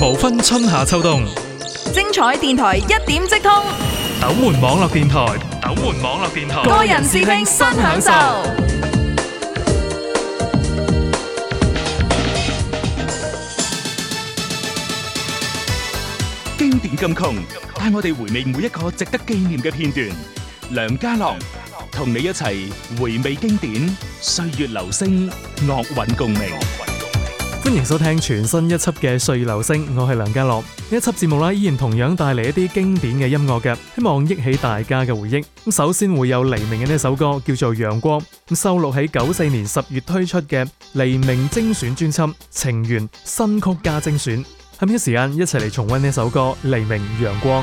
無分春夏秋冬，精彩電台一點即通。斗門網絡電台，斗門網絡電台，多人視聽，新享受。經典金曲，帶我哋回味每一個值得紀念嘅片段。梁家樂，同你一齊回味經典，歲月留聲，樂韻共鳴。歡迎收聽全新一輯嘅《歲月留聲》，我係梁家樂。呢一輯節目呢，依然同樣帶嚟一啲經典嘅音樂嘅，希望憶起大家嘅回憶。咁首先會有黎明嘅呢首歌，叫做《陽光》，咁收錄喺九四年十月推出嘅《黎明精選專輯情緣新曲加精選》。下面時間一齊嚟重溫呢首歌《黎明陽光》。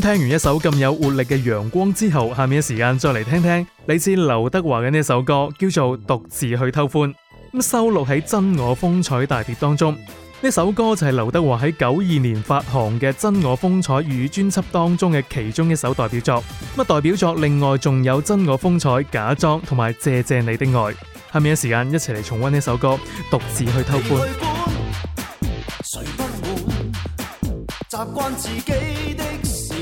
聽完一首咁有活力嘅陽光之後，下面嘅時間再嚟聽聽嚟自劉德華嘅呢首歌叫做《獨自去偷歡》，咁收錄喺《真我風采大碟》當中。呢首歌就係劉德華喺九二年發行嘅《真我風采》粵語專輯當中嘅其中一首代表作。咁代表作另外仲有《真我風采》、《假裝》同埋《謝謝你的愛》。下面嘅時間一齊嚟重溫呢首歌《獨自去偷歡》。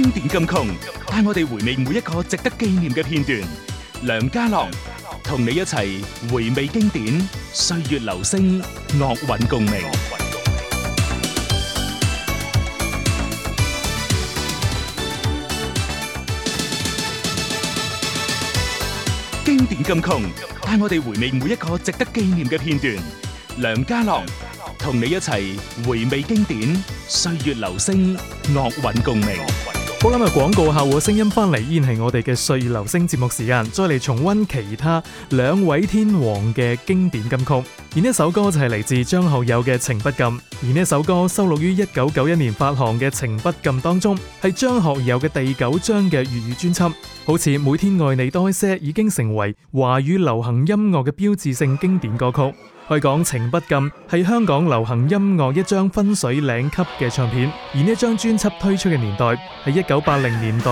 經典金曲，帶我哋回味每一個值得紀念嘅片段。梁家樂，同你一齊回味經典，歲月留聲樂韻共鳴。共鳴經典金曲，帶我哋回味每一個值得紀念嘅片段。梁家樂，同你一齊回味經典，歲月留聲樂韻共鳴。好啦，咪廣告後，聲音翻嚟，依然係我哋嘅歲月留聲節目時間，再嚟重温其他兩位天王嘅經典金曲。而呢首歌就係嚟自張學友嘅《情不禁》，而呢首歌收錄於一九九一年發行嘅《情不禁》當中，係張學友嘅第九張嘅粵語專輯。好似每天愛你多一些，已經成為華語流行音樂嘅標誌性經典歌曲。可以講，情不禁係香港流行音樂一張分水嶺級嘅唱片，而呢一張專輯推出嘅年代係一九八零年代，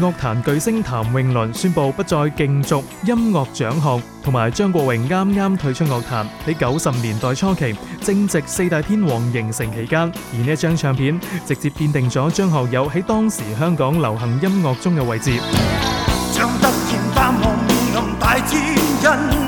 樂壇巨星譚詠麟宣布不再競逐音樂獎項，同埋張國榮啱啱退出樂壇，喺九十年代初期，正值四大天王形成期間，而呢一張唱片直接奠定咗張學友喺當時香港流行音樂中嘅位置。像突然淡忘面臨大戰爭。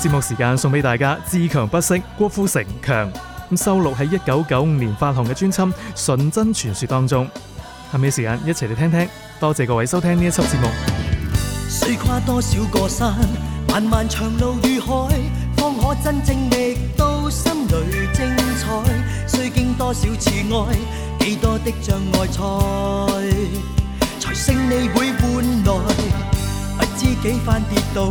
節目時間送俾大家，自強不息，郭富城強。咁收錄喺一九九五年發行嘅專輯《純真傳說》當中，下面時間一齊嚟聽聽。多謝各位收聽呢一輯節目。須跨多少個山，漫漫長路遇海，方可真正覓到心裏精彩。須經多少次愛，幾多的障礙賽，才勝利會換來。不知幾番跌倒。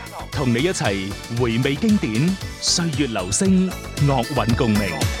同你一齊回味經典，歲月留聲，樂韻共鳴。